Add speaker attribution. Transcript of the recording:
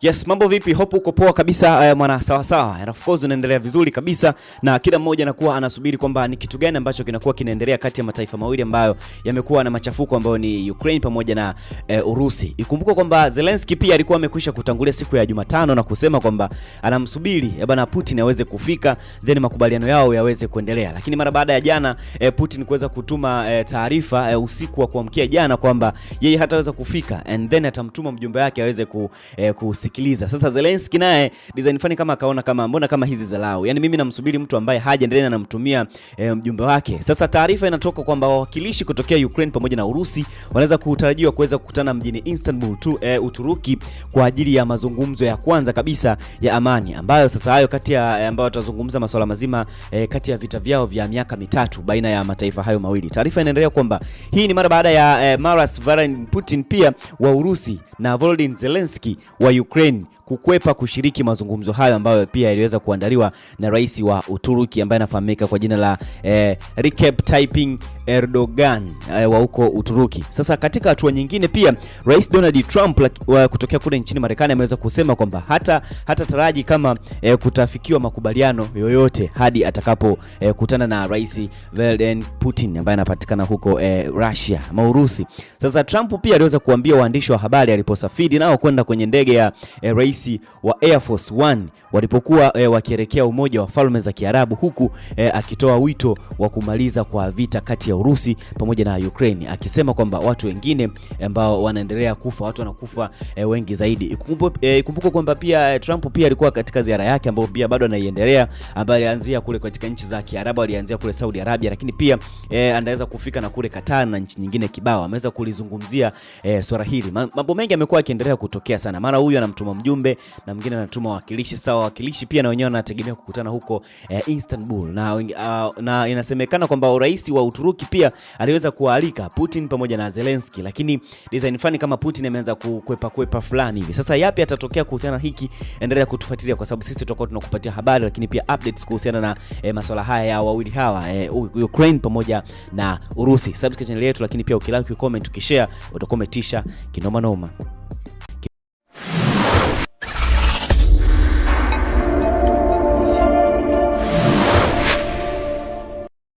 Speaker 1: Yes, mambo vipi? Hope uko poa kabisa uh, mwana sawa sawa. And of course unaendelea vizuri kabisa na kila mmoja anakuwa anasubiri kwamba ni kitu gani ambacho kinakuwa kinaendelea kati ya mataifa mawili ambayo yamekuwa na machafuko ambayo ni Ukraine pamoja na uh, Urusi. Ikumbuka kwamba Zelensky pia alikuwa amekwisha kutangulia siku ya Jumatano na kusema kwamba anamsubiri eh, bwana Putin aweze kufika then makubaliano yao yaweze kuendelea. Lakini mara baada ya jana uh, Putin kuweza kutuma uh, taarifa uh, usiku wa kuamkia jana kwamba yeye hataweza kufika and then atamtuma mjumbe wake aweze ku, uh, ku kusikiliza. Sasa Zelensky naye design fani kama akaona kama mbona kama hizi zalau, yaani mimi namsubiri mtu ambaye hajaendelea anamtumia e, eh, mjumbe wake. Sasa taarifa inatoka kwamba wawakilishi kutokea Ukraine pamoja na Urusi wanaweza kutarajiwa kuweza kukutana mjini Istanbul tu, e, Uturuki kwa ajili ya mazungumzo ya kwanza kabisa ya amani ambayo sasa hayo kati ya eh, ambao watazungumza masuala mazima e, kati ya vita vyao vya miaka mitatu baina ya mataifa hayo mawili. Taarifa inaendelea kwamba hii ni mara baada ya e, Maras Vladimir Putin pia wa Urusi na Volodymyr Zelensky wa Ukraine Ukraine kukwepa kushiriki mazungumzo hayo ambayo pia yaliweza kuandaliwa na rais wa Uturuki ambaye anafahamika kwa jina la eh, Recep Tayyip Erdogan eh, wa huko Uturuki. Sasa katika hatua nyingine pia Rais Donald Trump kutokea kule nchini Marekani ameweza kusema kwamba hata hata taraji kama eh, kutafikiwa makubaliano yoyote hadi atakapokutana eh, na Rais Vladimir Putin ambaye anapatikana huko eh, Russia ama Urusi. Sasa Trump pia aliweza kuambia waandishi wa habari aliposafiri nao kwenda kwenye ndege ya eh, rais wa Air Force One walipokuwa eh, wakielekea Umoja wa Falme za Kiarabu huku eh, akitoa wito wa kumaliza kwa vita kati ya Urusi pamoja na Ukraine, akisema kwamba watu wengine ambao wanaendelea kufa, watu wanakufa e, wengi zaidi. Ikumbuke e, kwamba pia eh, Trump pia alikuwa katika ziara yake ambayo pia bado anaiendelea, ambayo alianzia kule katika nchi za Kiarabu, alianzia kule Saudi Arabia, lakini pia e, anaweza kufika na kule Qatar na nchi nyingine kibao. Ameweza kulizungumzia e, swala hili. Mambo mengi yamekuwa yakiendelea kutokea sana, mara huyu anamtuma mjumbe na mwingine anatuma wawakilishi. Sawa, wawakilishi pia na wenyewe wanategemea kukutana huko e, Istanbul na, uh, na inasemekana kwamba urais wa Uturuki Zelensky pia aliweza kuwaalika Putin pamoja na Zelensky, lakini design fani kama Putin ameanza kukwepa kwepa fulani hivi. Sasa yapi atatokea kuhusiana hiki? Endelea kutufuatilia kwa sababu sisi tutakuwa tunakupatia habari, lakini pia updates kuhusiana na e, masuala haya ya wawili hawa e, Ukraine pamoja na Urusi. Subscribe channel yetu, lakini pia ukilike, ukicomment, ukishare utakometisha kinoma noma.